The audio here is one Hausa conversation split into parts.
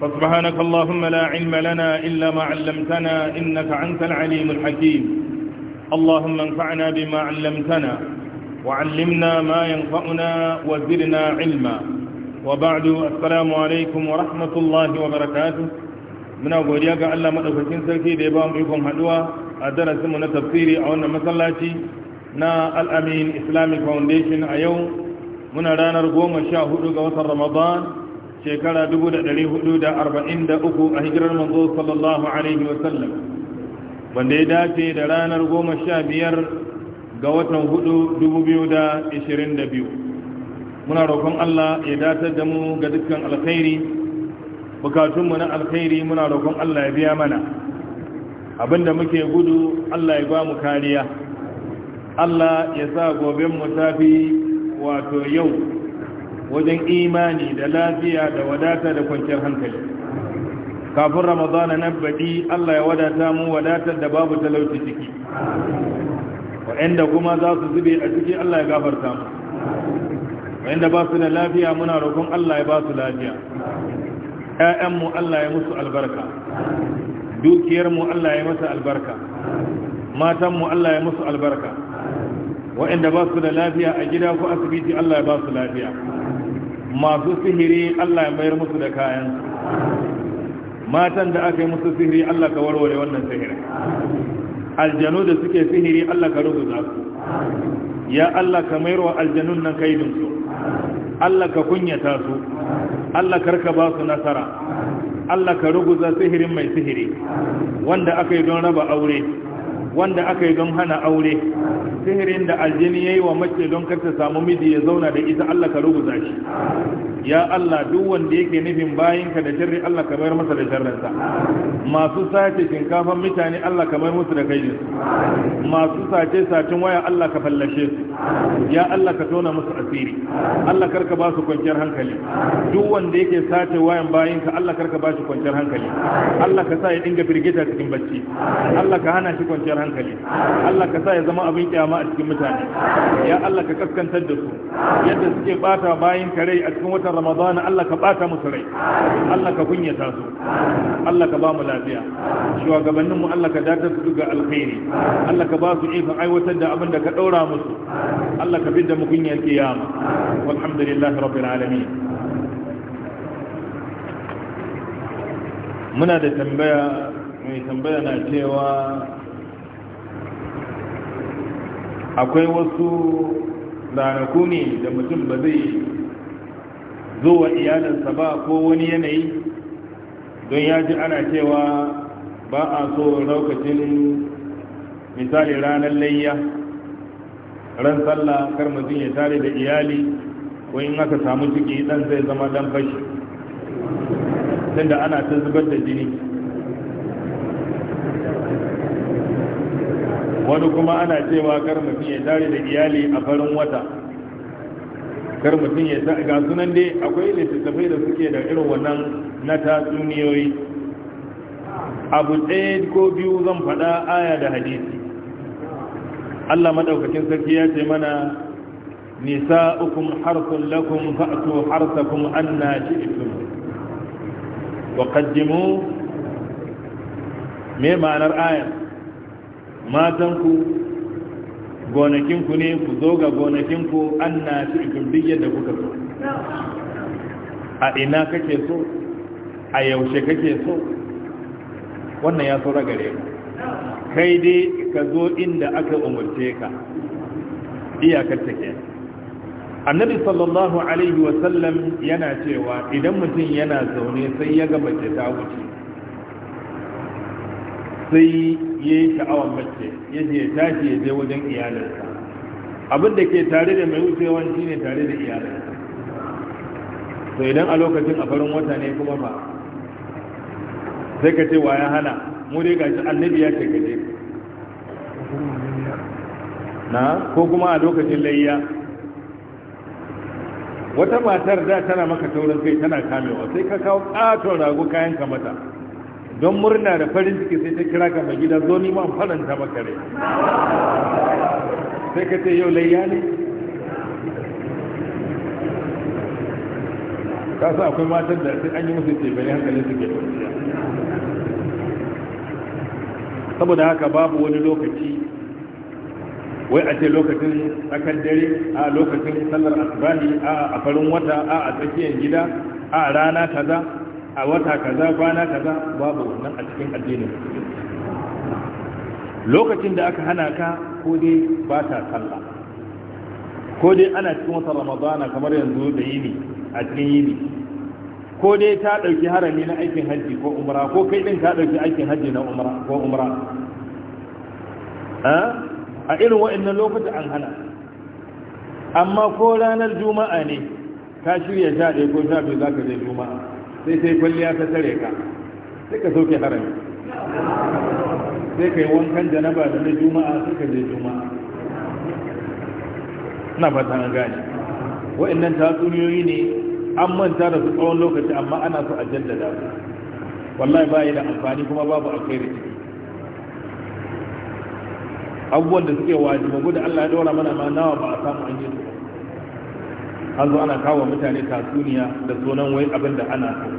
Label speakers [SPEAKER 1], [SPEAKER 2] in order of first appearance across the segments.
[SPEAKER 1] فسبحانك اللهم لا علم لنا إلا ما علمتنا إنك أنت العليم الحكيم اللهم انفعنا بما علمتنا وعلمنا ما ينفعنا وزرنا علما وبعد السلام عليكم ورحمة الله وبركاته من أقول يا الله مدفكين سلكي ديبام بكم هدوى أدرس من تفسيري أو أن مسلاتي نا الأمين إسلامي فاونديشن أيوم من رانا رقوم الشاهد وصل رمضان shekara 443 a hijirar manzo sallallahu alaihi wasallam wanda ya dace da ranar 15 ga watan 4 2022 muna roƙon Allah ya datar da mu ga dukkan alkhairi bukatunmu na alkhairi muna roƙon Allah ya biya mana abinda muke gudu Allah ya ba mu kariya Allah ya sa goben mu tafi wato yau wajen imani da lafiya da wadata da kwanciyar hankali kafin ramadana na baɗi Allah ya wadata mu wadatar da babu talauci ciki waɗanda kuma za su zube a ciki Allah ya gafarta mu waɗanda ba su da lafiya muna roƙon Allah ya ba su lafiya ‘ya'yanmu Allah ya musu albarka dukiyarmu Allah ya masa albarka matanmu Allah ya musu albarka waɗanda ba su da lafiya a gida ko asibiti Allah ya ba su lafiya masu sihiri Allah ya mayar musu da kayan matan da aka yi musu sihiri Allah ka warware wannan sihiri aljanu da suke sihiri Allah ka rubuta su ya Allah ka mayar wa aljanun nan kaidin su Allah ka kunyata su Allah karka ba su nasara Allah ka ruguza sihirin mai sihiri wanda aka yi don raba aure wanda aka yi don hana aure sihirin da aljini ya yi wa mace don kar ta samu miji ya zauna da ita Allah ka rubuta shi ya Allah duk wanda yake nufin bayinka da sharri Allah kamar bayar masa da sharrinsa masu sace shinkafan mutane Allah kamar musu da kai masu sace sacin waya Allah ka fallashe su ya Allah ka tona musu asiri Allah karka ba su kwanciyar hankali duk wanda yake sace wayan bayinka Allah karka ba shi kwanciyar hankali Allah ka sa ya dinga firgita cikin bacci Allah ka hana shi kwanciyar hankali Allah ka sa ya zama abin kyama a cikin mutane ya Allah ka kaskantar da su yadda suke bata bayin kare a cikin watan ramadana Allah ka bata musu rai Allah ka kunyata su Allah ka ba mu lafiya shugabannin mu Allah ka su ga alkhairi Allah ka ba su ikon aiwatar da abin da ka daura musu Allah ka bidda mu kunyar kiyama walhamdulillahi rabbil alamin muna da tambaya mai tambaya na cewa akwai wasu ranaku ne da mutum ba zai zuwa iyalinsa ba ko wani yanayi don ya ji ana cewa ba a so lokacin misali ranar layya ran sallah kar mutum ya tare da iyali ko in aka samu ciki dan zai zama dan fashi tunda ana ta zubar da jini wani kuma ana cewa kar mutum ya tare da iyali a farin wata kar mutum ya sa ga sunan dai akwai littattafai da suke da irin wannan na tatsuniyoyi abu ɗaya ko biyu zan faɗa aya da hadisi Allah maɗaukacin sarki ya ce mana nisa nisa'ukum harsun lakum an na anna shi'tum wa ƙaddimu me ma'anar ayar matanku gonakinku ne ku zo ga gonakinku an na cikin diyyar da kuka so a ina kake so a yaushe kake so wannan ya so ragare kai dai ka zo inda aka umarce ka iyakar ta ke annabi sallallahu alaihi wasallam yana cewa idan mutum yana zaune sai ya gaba ta wuce sai ya yi sha'awar mace ya je tashi ya je wajen iyalinsa abin da ke tare da mai wucewa shi ne tare da iyalinsa to idan a lokacin a farin wata ne kuma ba sai ka ce wa hana mu dai gashi annabi ya ce ka je na ko kuma a lokacin layya wata matar da tana maka taurin kai tana kamewa sai ka kawo katon rago kayan ka mata don murna da farin ciki sai ta kira ka mai gida zo ni ma faranta maka rai sai ka ce yau layya ne ka sa akwai matan da sai an yi musu ce bane hankalin su ke saboda haka babu wani lokaci wai a ce lokacin tsakar dare a lokacin sallar asibani a a farin wata a a tsakiyar gida a rana kaza a wata kaza kwana kaza babu wannan a cikin addinin lokacin da aka hana ka ko dai ba ta sallah ko dai ana cikin wata ramadana kamar yanzu da yini a cikin yini ko dai ta ɗauki harami na aikin hajji ko umra ko kai ɗin ka ɗauki aikin hajji na umra ko umra a irin wa'annan lokacin an hana amma ko ranar juma'a ne ka shirya sha ɗaya ko sha biyu za ka je juma'a sai sai kwalliya ta tare ka sai ka sauke harami sai ka yi wankan janaba da na juma'a sai ka je juma'a na ba ta gane wa'annan tatsuniyoyi ne an manta da su tsawon lokaci amma ana so a jaddada su wallahi ba yi da amfani kuma babu kai ciki abubuwan da suke wajibabu da Allah ya daura mana ma nawa ba a samu an yi su an zo ana kawo mutane tatsuniya da sunan wai abin da ana so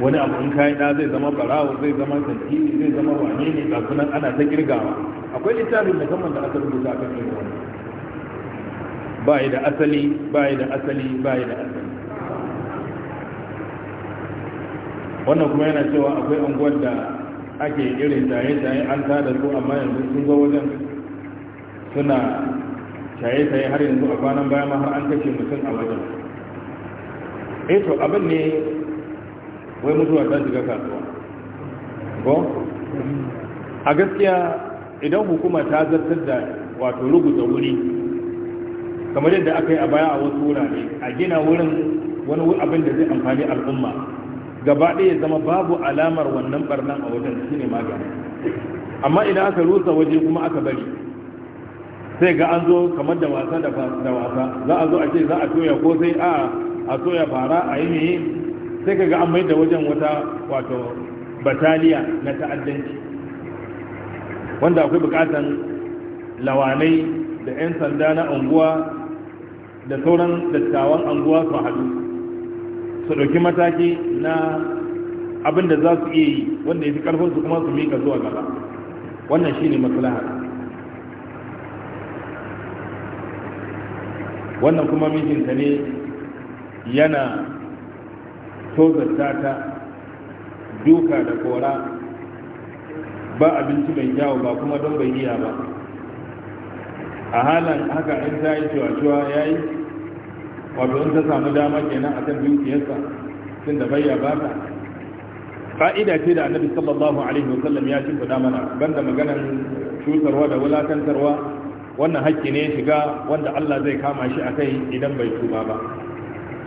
[SPEAKER 1] wani abu in kayan da zai zama barawo zai zama tantiri zai zama wane ne ga sunan ana ta kirgawa akwai littafin musamman da aka rubuta a irin wani ba yi da asali ba yi da asali ba yi da asali wannan kuma yana cewa akwai anguwar da ake irin taye-taye an tada su amma yanzu sun zo wajen suna taye-taye har yanzu a kwanan bayan har an kashe mutum a wajen eh to abin ne wai mutuwa ta shiga kasuwa ko a gaskiya idan hukuma ta zartar da wato rubuta wuri kamar yadda aka yi a baya a wasu wurare a gina wurin wani abin da zai amfani al'umma gaba ɗaya zama babu alamar wannan barnan a wajen shine magani amma idan aka rusa waje kuma aka bari sai ga an zo kamar da wasa da wasa za a zo a ce za a toya ko sai a a soya fara a yi mai sai ka ga an mai da wajen wata wato bataliya na ta'addanci wanda akwai bukatan lawanai da 'yan sanda na unguwa da sauran dattawan unguwa su haɗu su ɗauki mataki na abin da za su iya yi wanda ya fi su kuma su mika zuwa gaba wannan shi ne maslaha wannan kuma mijinta ne yana tozarta ta duka da kora ba abinci mai kyawu ba kuma don bai iya ba a halin haka in ta yi cewa ya yi wato in ta samu dama kenan a kan dukiyarsa tun da bayya ba ta fa'ida ce da annabi sallallahu alaihi wasallam ya cin mana banda maganan cutarwa da wulakantarwa wannan hakki ne shiga wanda Allah zai kama shi a kai idan bai tuba ba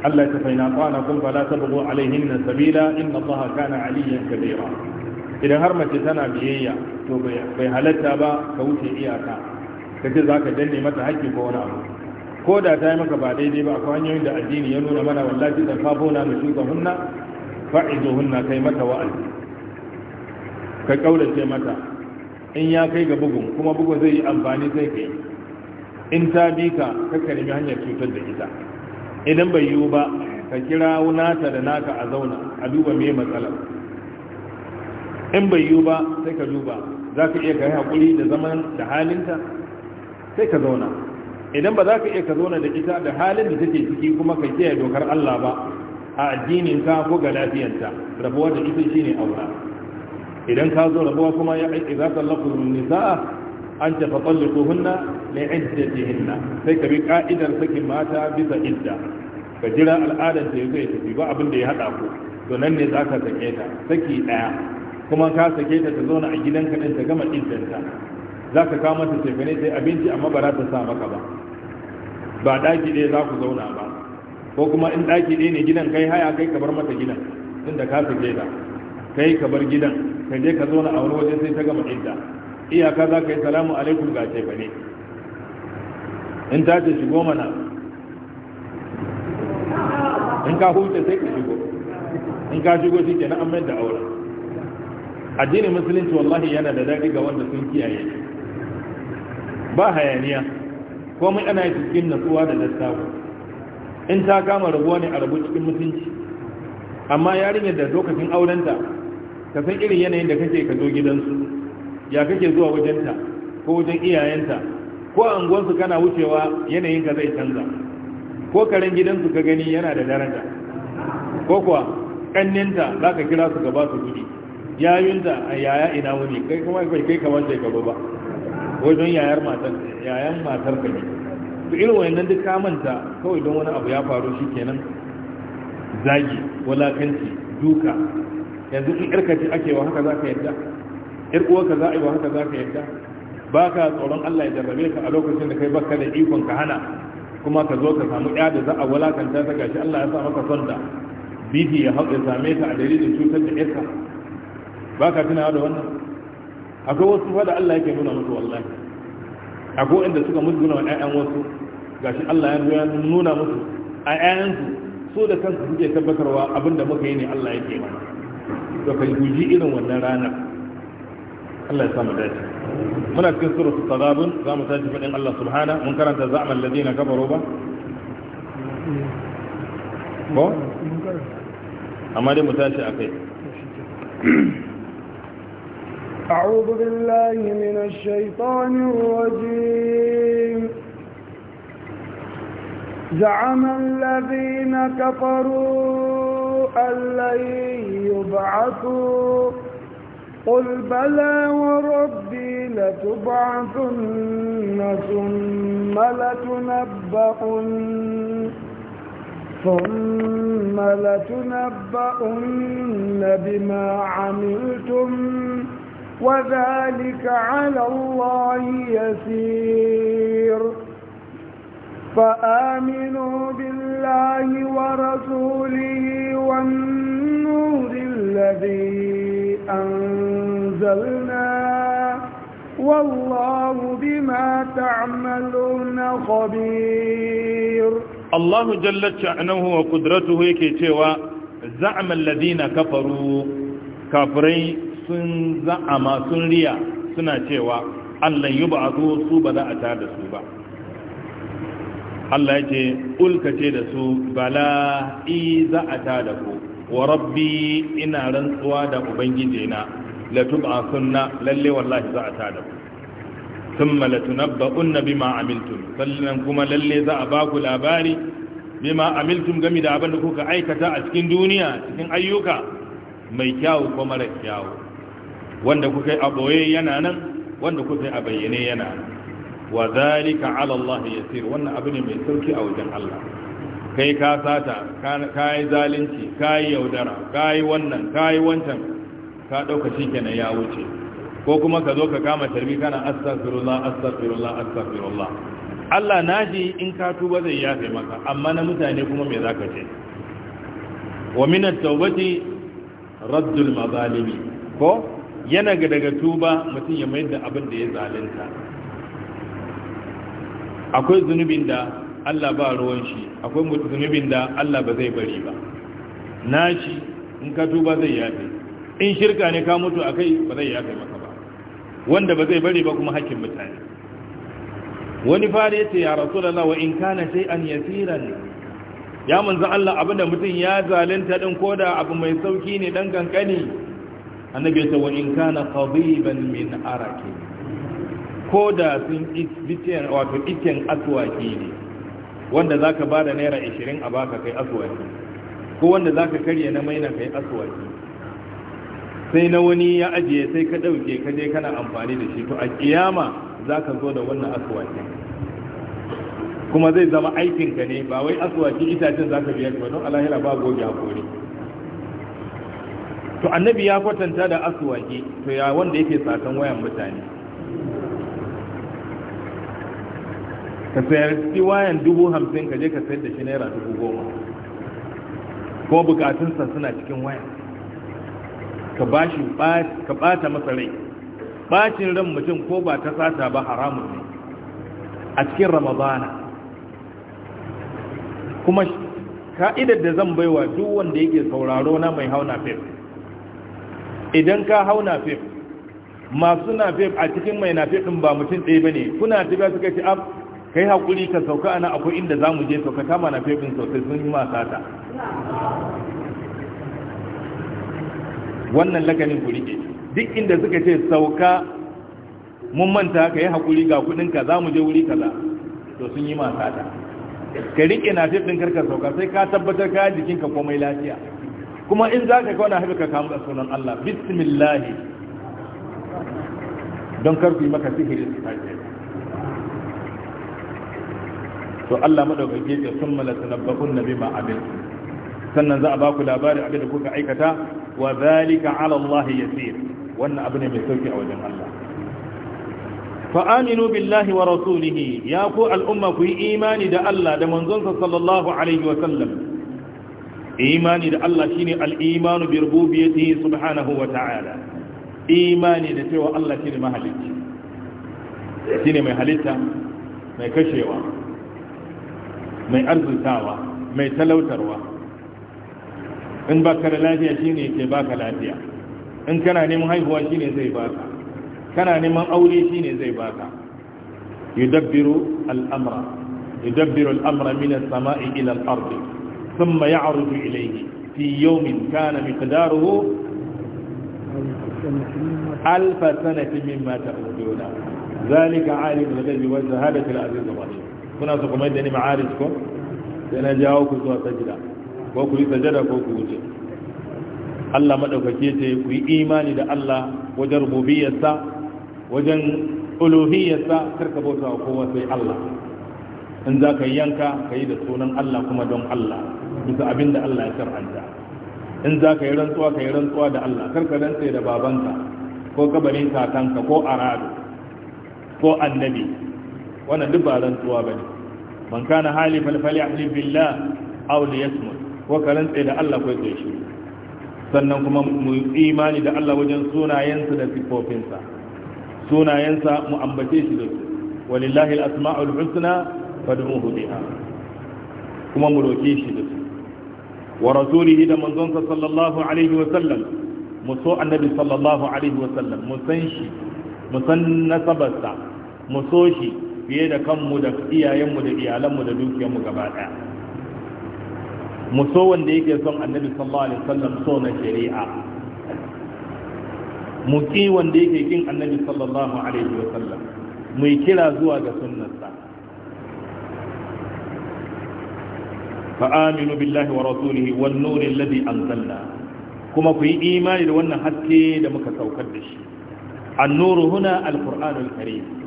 [SPEAKER 1] Allah ya tafaina qana kun fala tabghu alaihinna sabila inna Allah kana aliyan kabira idan har mace tana biyayya to bai halatta ba ka wuce iyaka kace zaka danne mata hakki ko wani abu ko da ta yi maka ba daidai ba akwai hanyoyin da addini ya nuna mana wallahi fa bona mu shuka hunna fa'izuhunna kai mata wa'azi ka kaurace mata in ya kai ga bugun kuma bugun zai yi amfani zai kai in ta bi ka ka karimi hanyar cutar da ita idan bai yiwu ba ka kira nata da naka a zauna a duba mai matsalar in bai yiwu ba sai ka duba za ka iya kai haƙuri da zaman da halinta sai ka zauna idan ba za ka iya ka zauna da ita da halin da take ciki kuma ka kiyaye dokar Allah ba a addininka ko ga lafiyanta rabuwar da ita shine aura idan ka zo rabuwa kuma ya aiki za ka lafi nisa'a an tafa tsalliko hunna na iddati hinna sai ka bi ka'idar sakin mata bisa idda ka jira al'adar da ya tafi ba abin da ya haɗa ku to nan ne za ka sake ta saki ɗaya kuma ka sake ta ta zauna a gidan gidanka ɗin ta gama ta. za ka kama ta tefane sai abinci amma ba za ta sa maka ba ba ɗaki ɗaya za ku zauna ba ko kuma in ɗaki ɗaya ne gidan kai haya kai ka bar mata gidan tunda ka sake ta kai ka bar gidan ka je ka zauna a wani waje sai ta gama idda iyaka za ka yi salamu alaikum ga ce ne in ta ce shigo mana in ka huce sai ka shigo in ka shigo shi ke na amma da auren addinin musulunci wallahi yana da daɗi ga wanda sun kiyaye ba hayaniya komai ana yi cikin nasuwa da lissafi in ta kama rabuwa ne a rabu cikin mutunci amma yarinyar da lokacin aurenta ka san irin yanayin da kake ka zo gidansu ya kake zuwa wajenta ko wajen iyayenta ko a unguwansu kana wucewa yanayin ka zai canza ko karen gidansu ka gani yana da daraja ko kuwa kanninta za ka kira su ka ba su kuɗi yayunta a yaya ina wuni kai kuma kai kai kamar sai gaba ba wajen yayar matar yayan matar ka ne to irin wayannan duk ka manta kawai don wani abu ya faru shikenan zagi walakanci duka yanzu in irka ce ake wa haka za ka yadda ir uwarka za a yi wa haka za ka yadda ba ka tsoron Allah ya jarrabe ka a lokacin da kai baka da ikon ka hana kuma ka zo ka samu ya da za a walakanta ta gashi Allah ya sa maka son da bibi ya ya same ka a dalilin cutar da irka ba ka tuna da wannan akwai wasu fa da Allah yake nuna musu wallahi akwai inda suka musu nuna wa 'ya'yan wasu gashi Allah ya nuna musu a 'ya'yansu su da kansu suke tabbatarwa abinda muka yi ne Allah yake mana to kai guji irin wannan ranar Allah ya samu dace muna cikin suratul tadabun za mu tashi fadin Allah subhana mun karanta za'amal ladina kafaru ba ba amma dai mu tashi akai
[SPEAKER 2] أعوذ بالله من الشيطان الرجيم زعم الذين كفروا أن لن يبعثوا قل بلى وربي لتبعثن ثم لتنبؤن ثم لتنبؤن بما عملتم وذلك على الله يسير فآمنوا بالله ورسوله والنور الذي أنزلنا والله بما تعملون خبير
[SPEAKER 1] الله جل شأنه وقدرته كيتوا زعم الذين كفروا كافرين سن زعم سن ريا سنة تيوا أن يبعثوا صوبة أتاد صوبة Allah ya ce ulka ce da su bala i za a ta da ku wa rabbi ina rantsuwa da ubangije na la tub'asunna lalle wallahi za a ta da ku thumma la tunabba'unna bima amiltum sallan kuma lalle za a ba ku labari bima amiltum game da abin da kuka aikata a cikin duniya cikin ayyuka mai kyawu ko mara kyawu wanda kuka yi a boye yana nan wanda kuka yi a bayyane yana nan wa zalika ala Allah yasir wannan abu ne mai sauki a wajen Allah kai ka sata kai zalunci kai yaudara kai wannan kai wancan ka dauka shikenan ya wuce ko kuma ka zo ka kama tarbi kana astaghfirullah astaghfirullah astaghfirullah Allah naji in ka tuba zai yafe maka amma na mutane kuma me zaka ce wa min at tawbati raddul mazalimi ko yana daga tuba mutum ya mayar da abin da ya zalunta akwai zunubin da Allah ba ruwan shi akwai zunubin da Allah ba zai bari ba naci in ka tuba zai yafe in shirka ne ka mutu akai ba zai yafe maka ba wanda ba zai bari ba kuma hakkin mutane wani fara ya ce ya rasulallah wa in kana shay'an yasiran ya manzo Allah abinda mutum ya zalunta din koda abu mai sauki ne dan ƙanƙani. annabi ya ce wa in kana qadiban min arakin ko da sun bitiyan wato ikin asuwaki ne wanda za ka ba da naira ashirin a baka kai asuwaki ko wanda za ka karya na maina kai asuwaki. sai na wani ya ajiye sai ka ɗauke ka je kana amfani da shi to a kiyama za ka zo da wannan aswaki kuma zai zama aikinka ne ba wai aswaki itacen za ka biya ba don alahira ba goge hakori to annabi ya kwatanta da asuwaki to ya wanda yake sakan wayan mutane ka sayar wayan dubu hamsin ka je ka sayar da shi naira dubu goma Ko bukatunsa suna cikin wayan ka bashi ka bata masa rai bacin ran mutum ko ba ta sata ba haramun ne a cikin ramadana kuma ka'idar da zan baiwa duk wanda yake sauraro na mai hauna fef idan ka hauna fef masu fef a cikin mai nafif ɗin ba mutum ɗaya ba ne kuna tafiya suka ce kai hakuri ka sauka ana akwai inda za mu je sauka kama na faifin sosai sun yi ta wannan lakanin ku rike duk inda suka ce sauka mun manta ka yi hakuri ga kudinka za mu je wuri kaza to sun yi ta ka rike na faifin karka sauka sai ka tabbatar ka jikinka komai lafiya kuma in za ka kawana haifu ka kamu da sunan Allah bismillahi don karfi maka sihirin su ce. to Allah madaukake ya summa la tanabba'un ma amil sannan za a baku labari abin da kuka aikata wa zalika ala Allah yasir wannan abu ne mai sauki a wajen Allah fa aminu billahi wa rasulihi ya ku al'umma ku yi imani da Allah da manzonsa sallallahu alaihi wa sallam imani da Allah shine al-imanu bi rububiyyatihi subhanahu wa ta'ala imani da cewa Allah shine mahalicci shine mai halitta mai kashewa mai arzikawa mai talautarwa in baka da lafiya shine ke baka lafiya in kana neman haihuwa shine zai baka kana neman aure shine zai baka yudabbiru al'amra yudabbiru al'amra min as-sama'i ila al-ardi thumma ya'ruju ilayhi fi yawmin kana miqdaruhu alf sanati mimma ta'uduna zalika ذلك عالم الغيب والشهادة العزيز الرحيم kuna su kuma yadda ni ma'aris ko sai na jawo ku zuwa sajida ko ku yi sajada ko ku wuce Allah madaukake ce ku yi imani da Allah wajen rububiyarsa wajen uluhiyarsa karka bauta wa kowa sai Allah in za ka yanka ka yi da sunan Allah kuma don Allah bisa abin da Allah ya shar'anta in za ka yi rantsuwa ka yi rantsuwa da Allah karka rantse da babanka ko kabarin kakanka ko arado ko annabi wannan duk ba rantsuwa bane man kana halifan falyahlif billah aw liyasmut ko ka rantsa da Allah ko kai shi sannan kuma mu imani da Allah wajen sunayensa da sifofinsa sunayensa mu ambace shi da su walillahi al-asma'ul husna fad'uhu biha kuma mu roke shi da su wa rasulihi da manzonsa sallallahu alaihi wa sallam mu so annabi sallallahu alaihi wa sallam mu san shi mu san nasabarsa mu so shi fiye da kanmu da iyayenmu da iyalanmu da dukiyarmu gaba ɗaya mu so wanda yake son annabi sallallahu alaihi wasallam so na shari'a mu ki wanda yake kin annabi sallallahu alaihi wasallam mu yi kira zuwa ga sunnarsa fa aminu billahi wa rasulihi wan nuri alladhi anzalna kuma ku yi imani da wannan haske da muka saukar da shi an-nuru huna al karim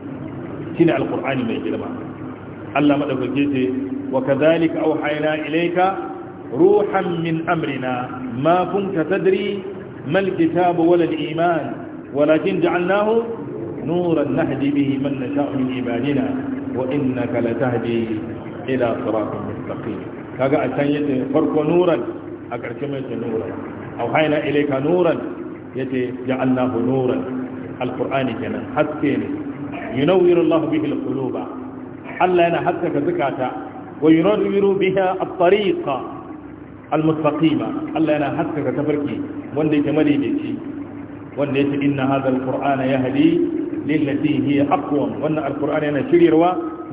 [SPEAKER 1] shine alqur'ani mai girma Allah madaukake ce wa kadhalika auhayna ilayka ruhan min amrina ma kunta tadri mal kitabu wal iman walakin ja'alnahu nuran min ibadina wa innaka latahdi ila siratin mustaqim kaga a can yace farko nuran a karshe mai ce nuran auhayna ilayka kenan haske ne yunawwiru Allah bihi al-quluba Allah yana haskaka zakata wa yunawwiru biha at-tariqa al-mustaqima Allah yana haskaka tafarki wanda yake madaidaici wanda yake inna hadha al-qur'ana yahdi lillati hiya aqwam wannan al-qur'ana yana shiryarwa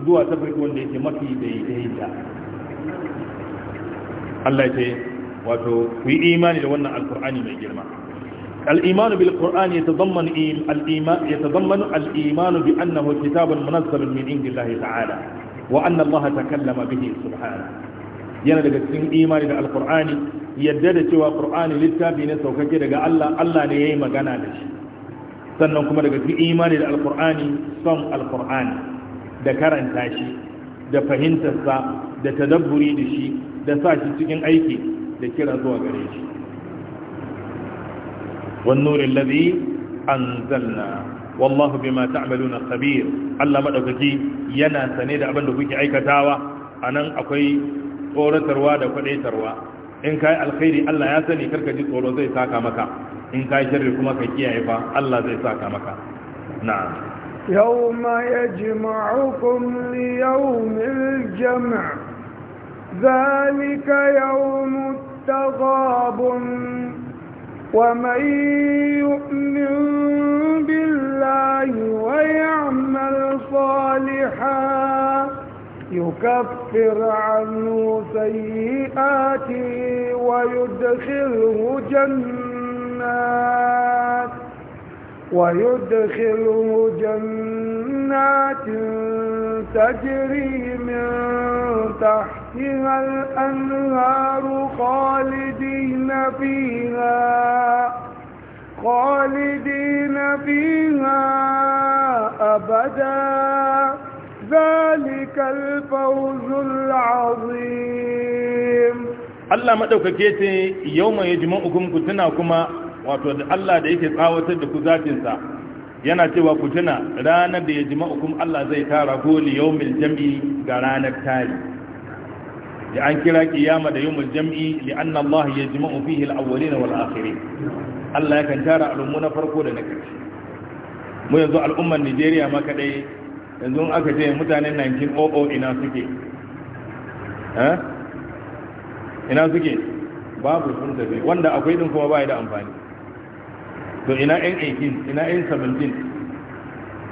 [SPEAKER 1] zuwa tafarki wanda yake mafi daidaita Allah ya wato imani da wannan al mai girma الإيمان بالقرآن يتضمن الإيمان يتضمن الإيمان بأنه كتاب منزل من عند الله تعالى وأن الله تكلم به سبحانه yana daga cikin imani da alkur'ani yadda da cewa qur'ani littafi ne saukake daga Allah Allah ne yayi magana da shi sannan kuma daga cikin imani da alkur'ani son alkur'ani da karanta shi da fahimtarsa da tadabburi da shi da sa shi cikin aiki da kira zuwa gare shi والنور الذي أنزلنا والله بما تعملون خبير الله مدوكي ينا سنيد أبن دوكي أي كتاوة أنا أكوي tsoron tarwa da kwaɗe tarwa in ka yi alkhairi Allah ya sani karka ji tsoro zai saka maka in ka yi sharri kuma ka kiyaye fa Allah zai saka maka na
[SPEAKER 2] يوم يجمعكم ليوم الجمع ذلك يوم التغابن ومن يؤمن بالله ويعمل صالحا يكفر عنه سيئاته ويدخله جنات ويدخله جنات تجري من تحت تحتها الأنهار خالدين فيها خالدين فيها أبدا ذلك الفوز العظيم
[SPEAKER 1] الله maɗaukake ce yau mai jima'ukun ku tuna kuma wato da Allah da yake tsawatar da yana cewa ku tuna ranar da ya jima'ukun Allah zai tara ko liyau jam'i ga ranar tari da an kira kiyama da yawmul jam'i li'anna Allah yajma'u fihi al-awwalin wal akhirin Allah ya kan tara al'ummu na farko da na ƙarshe mu yanzu al'umman Nigeria ma dai yanzu aka ce mutanen o oh oh ina suke eh? ina suke babu sun tafi wanda akwai din kuma bai da amfani to ina 18 ina 17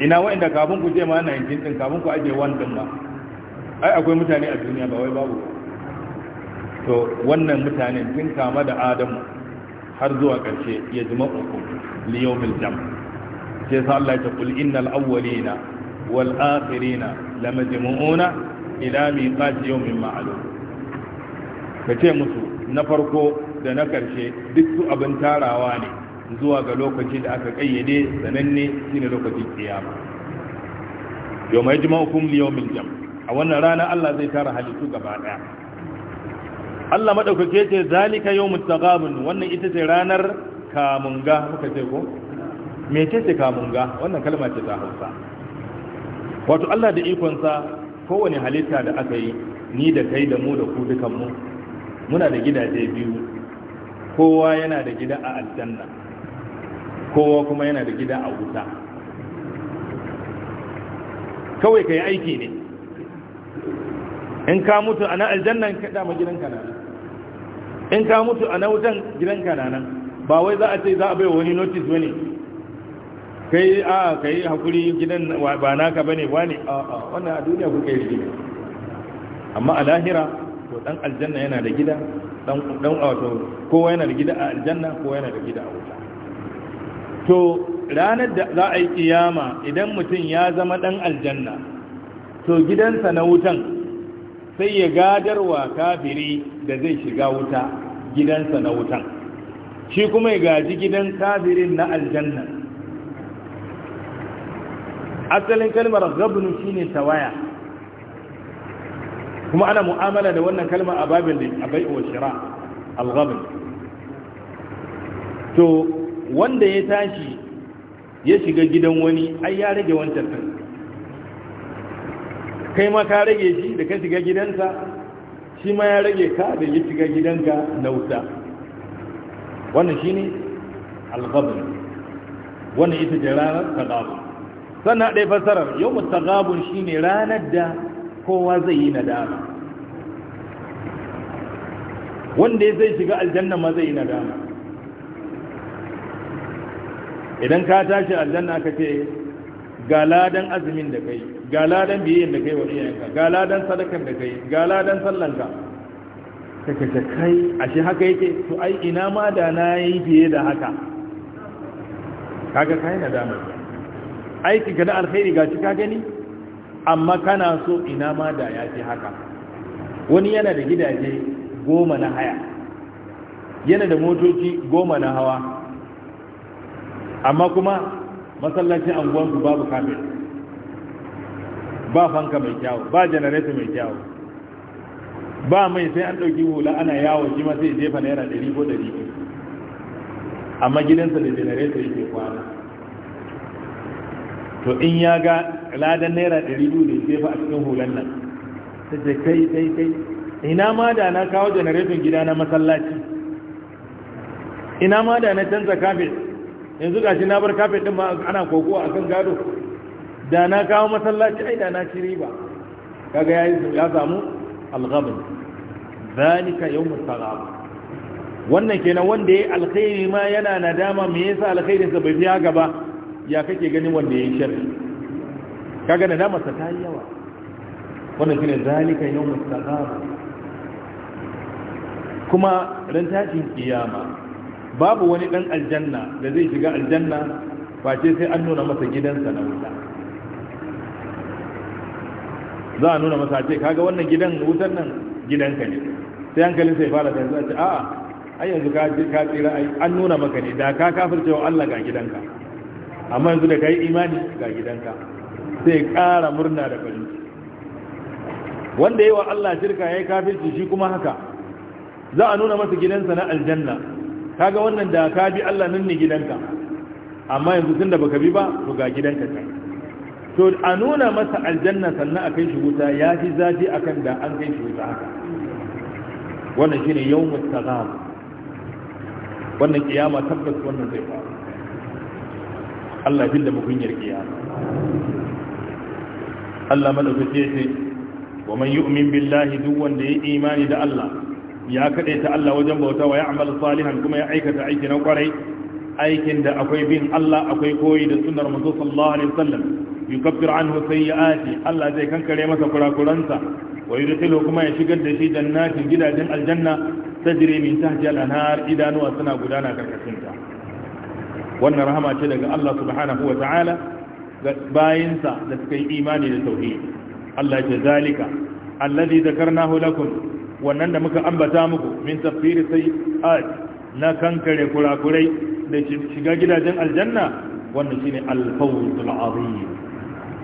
[SPEAKER 1] ina wa'inda kafin ku je ma 19 din kafin ku aje 1 din ma ai akwai mutane a duniya ba wai babu ba to wannan mutane tun kama da adamu har zuwa ƙarshe ya ji maɓuɓu liyomil jam sai sa Allah ta kul innal awwalina wal akhirina lamajmu'una ila miqati yawmin ma'lum kace musu na farko da na ƙarshe duk su abin tarawa ne zuwa ga lokaci da aka kayyade sananne shine lokacin kiyama yawma yajma'ukum jam a wannan rana Allah zai tara halittu gaba daya Allah madaukake ce zalika yawmut taghabun wannan ita ce ranar kamunga muka ce ko me ce ce kamunga wannan kalma ce ta Hausa wato Allah da ikon sa kowane halitta da aka yi ni da kai da mu da ku dukan mu muna da gidaje biyu kowa yana da gida a aljanna kowa kuma yana da gida a wuta kawai kai aiki ne in ka mutu a na aljannan ka dama ka na in ka mutu a na wutan gidanka na nan ba wai za a ce za a bai wani notice wani kai a kai hakuri gidan ba naka bane wani a a wannan a duniya kuka yi gida amma a lahira to dan aljanna yana da gida dan dan wato kowa yana da gida a aljanna kowa yana da gida a wuta to ranar da za a yi kiyama idan mutum ya zama dan aljanna to gidansa na wutan sai ya gadar wa kafiri da zai shiga wuta gidansa na wutan shi kuma ya gaji gidan kafirin na aljanna asalin kalmar gabnu shine tawaya kuma ana mu'amala da wannan kalmar a babin da abai wa shira al to wanda ya tashi ya shiga gidan wani ai ya rage wancan kai ma ka rage shi da ka shiga gidansa shi ma ya rage ka da ya shiga gidanka na wuta wannan shi ne alfabin wannan ita ce ranar tagabun sannan ɗaya fasarar yau mu tagabun shi ne ranar da kowa zai yi nadama wanda ya zai shiga aljanna ma zai yi nadama idan ka tashi aljanna ka ce ga ladan azumin da kai ga ladan biyayyen da kai wa iyayenka ga ladan sadakan da kai ga ladan sallanka kaka ta kai shi haka yake to ai ina ma da na yi biye da haka kaga kai na damar aiki ga na alkhairi ga shi ka gani amma kana so ina ma da ya fi haka wani yana da gidaje goma na haya yana da motoci goma na hawa amma kuma masallacin anguwansu babu kafin ba fanka mai kyawu ba janareta mai kyawu ba mai sai an ɗauki hula ana yawo shi ma sai jefa naira ɗari ko ɗari amma gidansa da janareta yake kwana to in ya ga ladan naira ɗari biyu da jefa a cikin hulan nan ta ce kai kai kai ina ma da na kawo janareton gida na masallaci ina ma da na canza kafet yanzu gashi na bar kafet ɗin ma ana kokowa akan gado da na kawo masallaci ai da na ci riba kaga yayi ya samu al-ghabn zalika yawmul taghabun wannan kenan wanda ya alkhairi ma yana nadama me yasa alkhairin sa bai biya gaba ya kake ganin wanda ya sharri kaga nadama sa tayi yawa wannan shine zalika yawmul taghabun kuma ran tashin kiyama babu wani dan aljanna da zai shiga aljanna face sai an nuna masa gidansa na wuta za a nuna masa ce kaga wannan gidan wutan nan gidanka ne sai hankalin sai fara da zai ce a'a ai yanzu ka ka tsira ai an nuna maka ne da ka kafirce wa Allah ga gidanka amma yanzu da kai imani ga gidanka sai ƙara murna da farin wanda yayi wa Allah shirka yayi kafirci shi kuma haka za a nuna masa gidansa na aljanna kaga wannan da ka bi Allah nan ne gidanka amma yanzu tunda baka bi ba to ga gidanka kai to a nuna masa aljanna sannan a kai shi wuta ya fi zafi a kan da an kai shi wuta haka wannan shi shine yawmut tazam wannan kiyama tabbas wannan zai faru Allah ya da mukunyar kiyama Allah madaukake ce wa man yu'min billahi duk wanda ya imani da Allah ya kade ta Allah wajen bauta wa ya'mal salihan kuma ya aikata aiki na kwarai aikin da akwai bin Allah akwai koyi da sunnar manzo sallallahu alaihi wasallam yukaffir ya sayyi'ati Allah zai kankare masa kurakuransa wa yudkhilu kuma ya shigar da shi jannatin gidajen aljanna ta min tahtiha al idanuwa suna gudana karkashin ta wannan rahama ce daga Allah subhanahu wa ta'ala ga bayinsa da suka yi imani da sauhi Allah ya zalika alladhi dhakarnahu lakum wannan da muka ambata muku min tafsir sayyi'at na kankare kurakurai da shiga gidajen aljanna wannan shine al-fawzul azim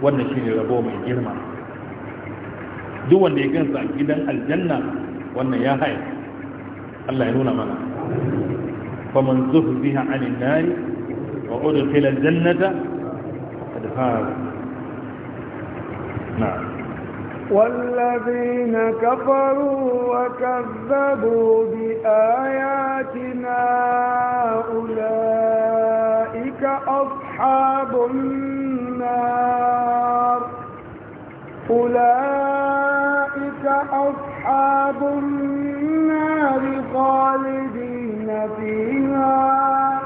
[SPEAKER 1] wannan shi ne rabo mai girma duk wanda ya gansa a gidan aljanna wannan ya haya Allah ya nuna mana faman zuhziha anin nari wa udkhila aljannata qad faz na'am
[SPEAKER 2] والذين كفروا وكذبوا بآياتنا أولئك أصحاب النار النار أولئك أصحاب النار خالدين فيها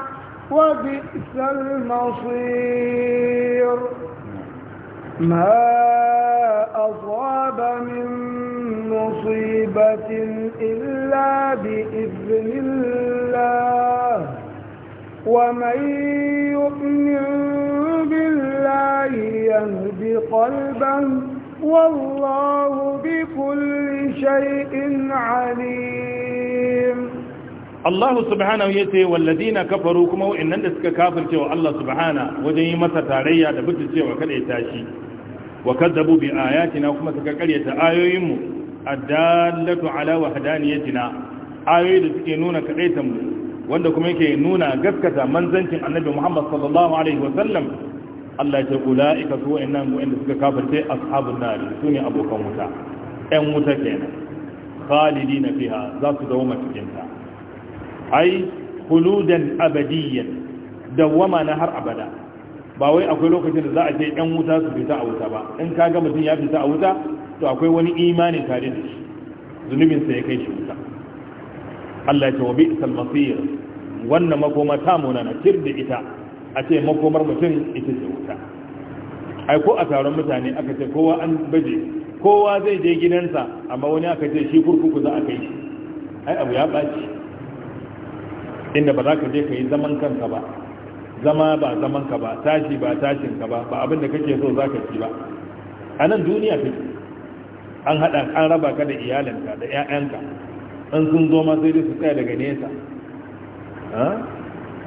[SPEAKER 2] وبئس المصير ما أصاب من مصيبة إلا بإذن الله ومن يؤمن يهدي قلبه والله بكل شيء عليم
[SPEAKER 1] Allah subhanahu ya ce walladina kafaru kuma wa'annan da suka kafircewa Allah subhanahu wajen yi masa tarayya da bitin cewa kada ya tashi wa kadzabu bi ayatina kuma suka karyata ayoyinmu addallatu ala wahdaniyatina ayoyi da suke nuna kadaitan mu wanda kuma yake nuna gaskata manzancin Annabi Muhammad sallallahu Allah ce ula'ika su wa'annan wa'anda suka kafirce ashabun nari su ne abokan wuta ƴan wuta kenan khalidi na fiha za su dawo cikinta ai huludan abadiyyan dawwama na har abada ba wai akwai lokacin da za a ce ƴan wuta su fita a wuta ba in ka ga mutum ya fita a wuta to akwai wani imani tare da shi zunubin sa ya kai shi wuta Allah ya ce wa bi'sal masir wannan makoma ta munana tir da ita a ce makomar mutum ita ce wuta ai ko a taron mutane aka ce kowa an baje kowa zai je gidansa amma wani aka ce shi kurkuku za a kai shi ai abu ya ɓaci inda ba za ka je ka yi zaman kanka ba zama ba zaman ka ba tashi ba tashin ka ba ba abin da kake so za ka ci ba a nan duniya take an haɗa an raba ka da iyalinka da 'ya'yanka in sun zo ma sai dai su tsaya daga nesa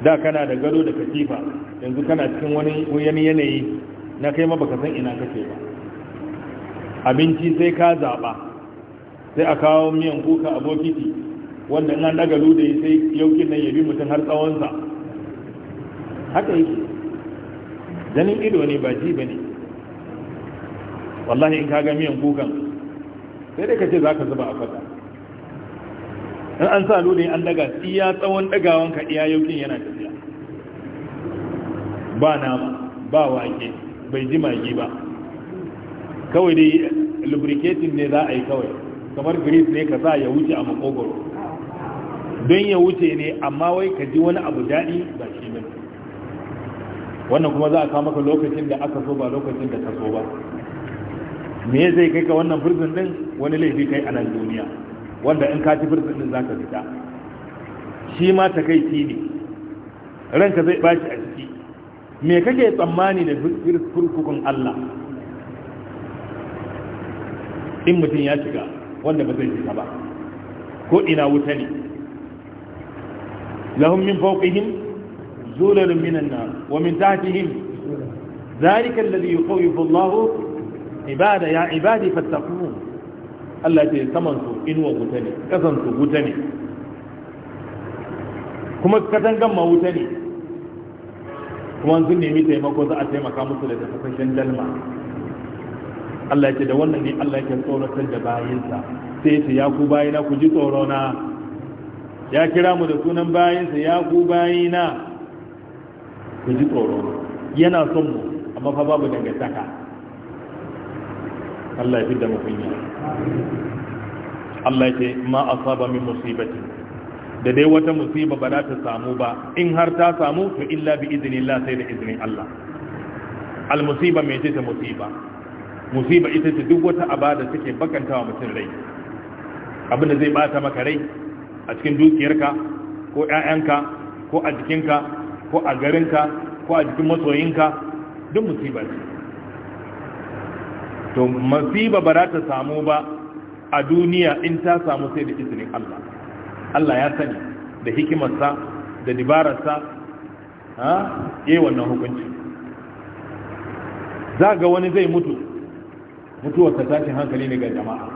[SPEAKER 1] da kana da gado da katifa yanzu kana cikin wani wani yanayi na kai ma baka san ina kake ba abinci sai ka zaba sai a kawo miyan kuka a bokiti wanda an daga lude sai yaukin nan ya bi mutum har tsawonsa haka yake ganin ido ne ba ji ba ne wallahi in ka ga miyan kukan sai dai ka ce za ka zuba a fata in an sa lodin an daga iya tsawon dagawan ka iya yaukin yana tafiya ba nama ba wake bai ji magi ba kawai dai lubricating ne za a yi kawai kamar grease ne ka sa ya wuce a makogoro don ya wuce ne amma wai ka ji wani abu daɗi ba shi ne wannan kuma za a kama maka lokacin da aka so ba lokacin da ka so ba me zai kai ka wannan prison din wani laifi kai a nan duniya wanda in ka ci firzin din zaka fita shi ma takaici ne ranka zai bashi a ciki me kake tsammani da furkukun Allah in mutum ya shiga wanda ba zai shiga ba ko ina wuta ne lahum min fawqihim Zularin minan nar wa min tahtihim ذلك الذي يخوف الله عباده يا عبادي فاتقون Allah ce saman su inuwa wuta ne kasan su wuta ne kuma katangan ma wuta ne kuma sun nemi taimako za a taimaka musu da tafasashen dalma Allah ya ce da wannan ne Allah ya tsoratar da bayinsa sai ce ya ku bayina ku ji tsorona ya kira mu da sunan bayinsa ya ku bayina ku ji tsorona yana son mu amma fa babu dangantaka Allah ya fi da mafi kunya Allah ya ce ma asaba min musibati da dai wata musiba ba za ta samu ba in har ta samu to illa bi Allah sai da izinin Allah al musiba mai ce ta musiba musiba ita ce duk wata aba da take wa mutum rai abin da zai bata maka rai a cikin dukiyarka ko ƴaƴanka ko a jikinka ko a garinka ko a jikin masoyinka duk musiba ce to masiba ba za ta samu ba a duniya in ta samu sai da izinin Allah Allah ya sani da hikimarsa da dibararsa ha yayi wannan hukunci za ga wani zai mutu mutuwar ta tashin hankali ne ga jama'a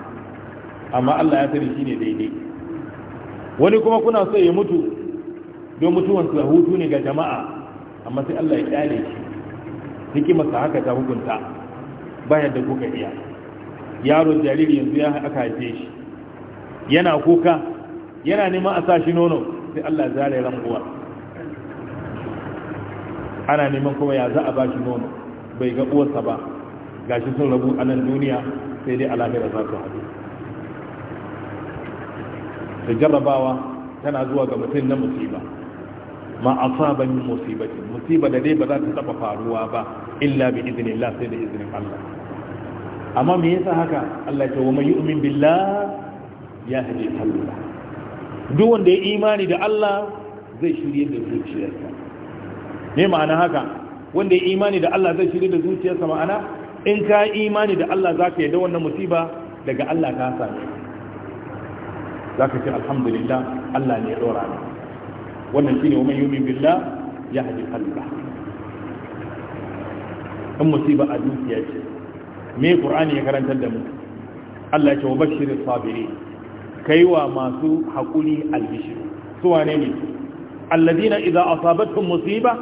[SPEAKER 1] amma Allah ya sani shine daidai wani kuma kuna so ya mutu don mutuwan sa hutu ne ga jama'a amma sai Allah ya kyale shi hikimarsa haka ta hukunta ba da kuka iya yaron jariri yanzu ya aka haife shi yana kuka yana neman a sa shi nono sai Allah zare ranguwa ana neman kuma ya za a ba shi nono bai ga uwarsa ba gashi sun rabu a nan duniya sai dai alamira za su haɗu da jarrabawa tana zuwa ga mutum na musiba ma asaba min musibati musiba da dai ba za ta taba faruwa ba illa bi idnillah sai da izinin Allah amma me yasa haka Allah ya wa man yu'min billah ya hadi qalbi duk wanda ya imani da Allah zai shirye da zuciyarsa me ma'ana haka wanda ya imani da Allah zai shirye da zuciyarsa ma'ana in ka imani da Allah za zaka yarda wannan musiba daga Allah ka sami? Za ka ce alhamdulillah Allah ne ya ɗora ne. wannan shine wani yumin biLla ya haji qalba kan musiba a dukiya ce me qur'ani ya karantar da mu Allah ya ce wa bashir sabiri kai wa masu haƙuri albishir su wane ne alladina idza asabatuhum musiba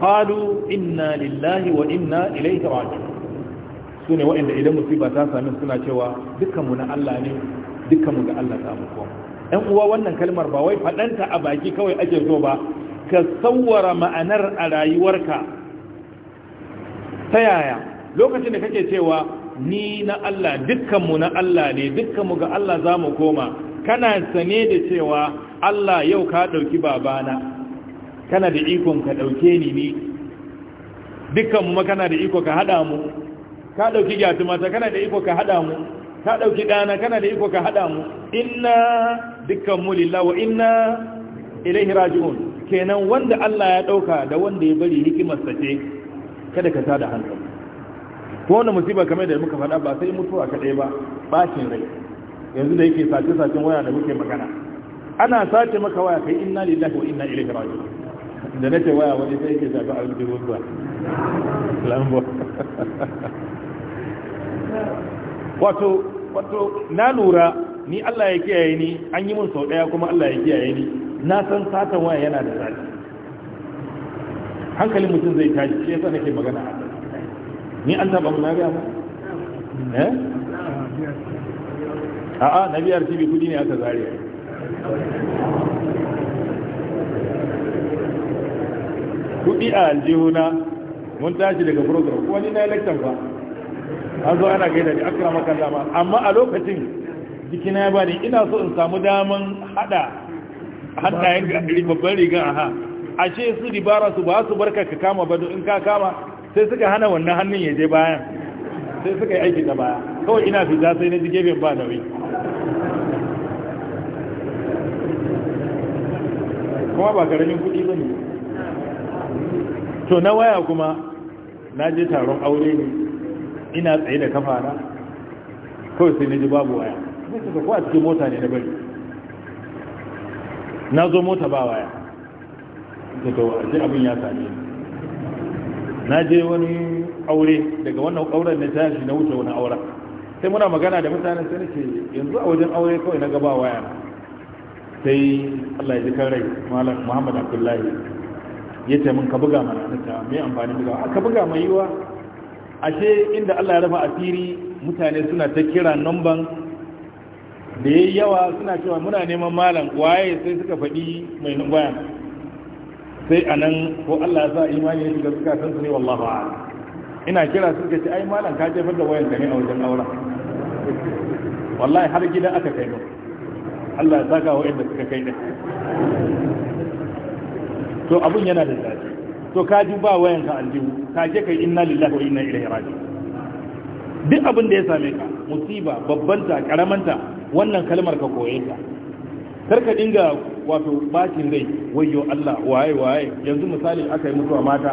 [SPEAKER 1] qalu inna lillahi wa inna ilaihi raji'un sune waɗanda idan musiba ta sami suna cewa dukkan mu na Allah ne mu ga Allah ta mu koma ɗan uwa wannan kalmar ba wai faɗanta a baki kawai ake so ba ka tsawara ma'anar a rayuwarka ta yaya lokacin da kake cewa ni na Allah dukkanmu na Allah ne dukkanmu ga Allah za mu koma kana sane da cewa Allah yau ka ɗauki babana kana da ikon ka ɗauke ni ne? dukkanmu ma kana da iko ka haɗa mu ka ɗauki mata kana da iko ka haɗa mu ka ɗauki ɗana kana da iko ka haɗa mu inna dukkan mu lillahi wa inna ilaihi raji'un kenan wanda Allah ya dauka da wanda ya bari hikimar sa ce kada ka tada hankali ko wannan musiba kamar da muka faɗa ba sai mutuwa kadai ba bacin rai yanzu da yake sace sacen waya da muke magana ana sace maka waya kai inna lillahi wa inna ilaihi raji'un da nake waya wani sai yake zaba a rubutu ruwa lambo wato wato na lura ni Allah ya kiyaye ni an yi min sau daya kuma Allah ya kiyaye ni na san satan waya yana da zafi hankalin mutum zai tashi shi yasa nake magana a ni an taba na ga mu eh a'a na biyar tibi kudi ne aka zare kudi a aljihuna mun tashi daga program wani ni na yi lecture ba an zo ana gaida da akrama kallama amma a lokacin jikina ya bani ina so in samu daman hada hannayen babban riga aha ashe su dibara su ba su barka ka kama bado in ka kama sai suka hana wannan hannun ya je bayan sai suka yi aiki da baya kawai ina fita sai na ji gefen ba nauyi kuma ba karamin kuɗi ba ne to na waya kuma na je taron aure ne ina tsaye da na kawai sai na ji babu waya zai ta ko a cikin mota ne na bari na zo mota ba waya da to a abin ya same na je wani aure daga wannan auren na tashi na wuce wani auren sai muna magana da mutanen sai nake yanzu a wajen aure kawai na gaba waya sai Allah ya ji kan rai Muhammad Abdullahi ya ce min ka buga mana na ta ah, mai amfani buga ah, ka buga mai yiwa ashe inda Allah ya rafa asiri mutane suna ta kira namban da yi yawa suna cewa muna neman malam waye sai suka faɗi mai nungwaya sai a nan ko Allah ya sa imani ya shiga suka san su ne wallahu a ina kira suka ce ai malam ka jefar da wayan ka a wajen aura wallahi har gida aka kai mu Allah ya saka wa inda suka kai da to abun yana da zafi to ka ji ba wayan ka aljihu ka je kai inna lillahi wa inna ilaihi raji duk abin da ya same ka musiba babbanta karamanta wannan kalmar ka koye ta karka dinga wato bakin rai wayo Allah waye waye yanzu misali aka yi mutuwa mata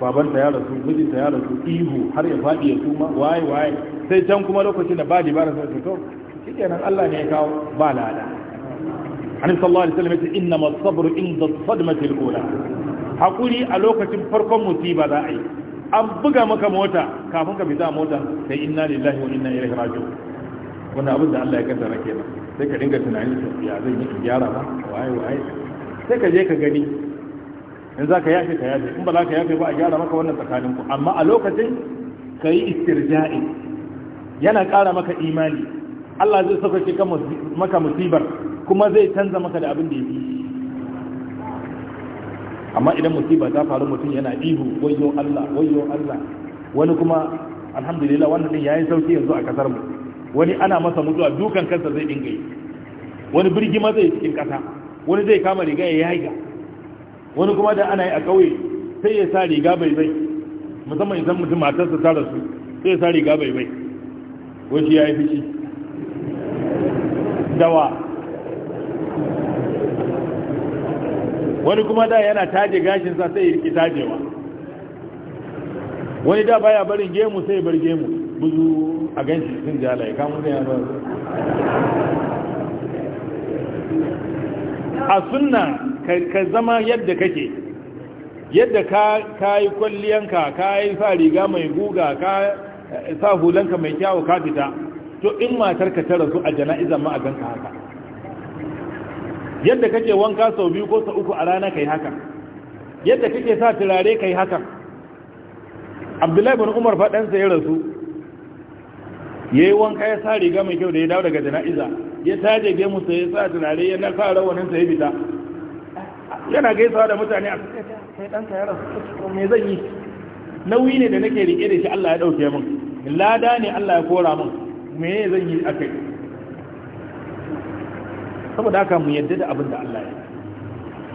[SPEAKER 1] babanta ya rasu mijinta ya rasu ihu har ya faɗi ya suma waye waye sai can kuma lokacin da ba dibara sai to shikenan Allah ne ya kawo ba lada Annabi sallallahu alaihi wasallam ya ce inna as-sabr inda as-sadmati al-ula hakuri a lokacin farkon musiba za a yi an buga maka mota kafin ka fita mota sai inna lillahi wa inna ilaihi raji'un wannan abin da Allah ya kaddara kenan sai ka dinga tunani to ya zan yi gyara ba waye waye sai ka je ka gani in za ka yafe ka yafe in ba za ka yafe ba a gyara maka wannan tsakanin ku amma a lokacin ka yi istirja'i yana ƙara maka imani Allah zai saka ka maka musibar kuma zai canza maka da abin da ya fi amma idan musiba ta faru mutum yana ihu wayyo Allah wayyo Allah wani kuma alhamdulillah wannan din yayi sauki yanzu a kasar mu wani ana masa mutuwa dukan kansa zai dinga yi wani birgima zai cikin kasa wani zai kama riga ya yaga wani kuma da ana yi a kauye sai ya sa riga bai bai musamman idan mutum matarsa ta rasu sai ya sa riga bai bai wani ya yi fishi dawa wani kuma da yana taje gashinsa sai ya riki tajewa wani da baya barin gemu sai ya bar gemu buzu a ganci sun jala ya kamun da yaro a sunna ka zama yadda kake yadda ka yi kwalliyanka ka yi sa riga mai guga ka eh, sa hulanka mai kyawu ka fita to in matar ka tara su a jana'iza ma a ganka haka yadda kake wanka sau biyu ko sau uku a rana kai haka yadda kake sa turare kai haka abdullahi bin umar faɗansa ya rasu ya yi wanka ya sa riga mai kyau da ya dawo daga jana'iza ya taje jage musa ya sa tunare ya nasa rawanin sa ya fita yana gaisawa da mutane a kai ɗanka su, rasu me zan yi nauyi ne da nake rike da shi Allah ya ɗauke min lada ne Allah ya kora min me zan yi a kai saboda haka mu yadda da abin da Allah ya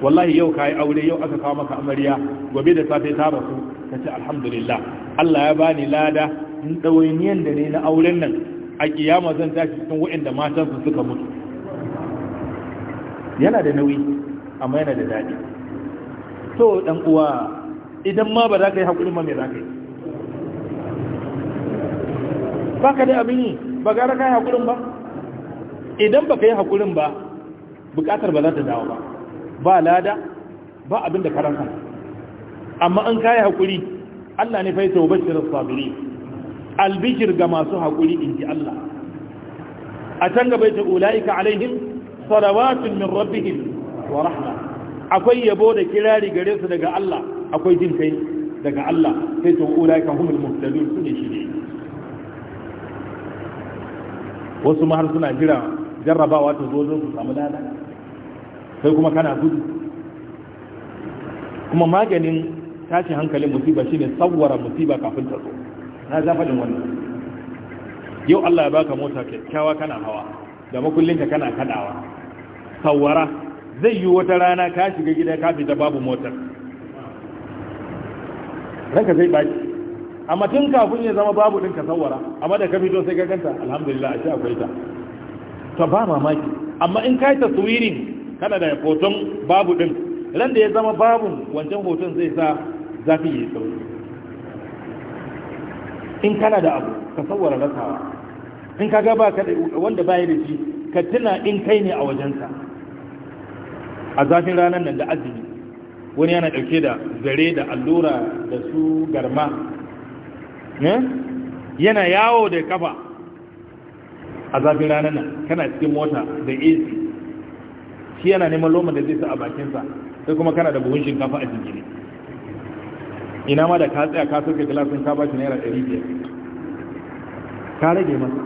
[SPEAKER 1] wallahi yau ka yi aure yau aka kawo maka amarya gobe da safe ta rasu ka ce alhamdulillah Allah ya bani lada ɗawainiyan da ne na auren nan a kiyama zan tashi cikin waɗanda matansu suka mutu yana da nauyi amma yana da daɗi to ɗan uwa idan ma ba za ka yi haƙuri ma mai za ka yi ba ka da abin yi ba gara ka yi haƙurin ba idan ba ka yi haƙurin ba buƙatar ba za ta dawo ba ba lada ba abin da karanta amma an kayi haƙuri Allah ne faita wa bashirar sabiri albikir ga masu haƙuri in ji Allah a can gaba ta ula'ika alaihim salawatun min rabbihim wa rahma akwai yabo da kirari gare su daga Allah akwai jin kai daga Allah sai to ula'ika humul muhtadun sune shirye wasu ma suna jira jarrabawa ta zo don su samu lada sai kuma kana gudu kuma maganin tashin hankalin musiba shine tsawwara musiba kafin ta zo na za faɗin wannan yau Allah ya baka mota kyakkyawa kana hawa da makullinka kana kaɗawa sawara zai yi wata rana ka shiga gida ka da babu motar ranka zai baki amma tun kafin ya zama babu ɗin ka sawara amma da ka fito sai ka ganta alhamdulillah a ce akwai ta ta ba mamaki amma in ka yi taswirin kana da hoton babu ɗin ran da ya zama babun wancan hoton zai sa zafi ya yi sauri in kana da abu ka tsawara rasawa in ka gaba ka wanda baya da shi ka tuna in kai ne a wajensa a zafin ranar nan da azumi wani yana ɗauke da zare da allura da su garma yana yawo da kafa a zafin ranar nan kana cikin mota da ac shi yana neman loma da zai sa a bakinsa sai kuma kana da buhun shinkafa a jingine ina ma da ka tsaya ka soke gilasin ka bashi naira ɗari biyar ka rage masa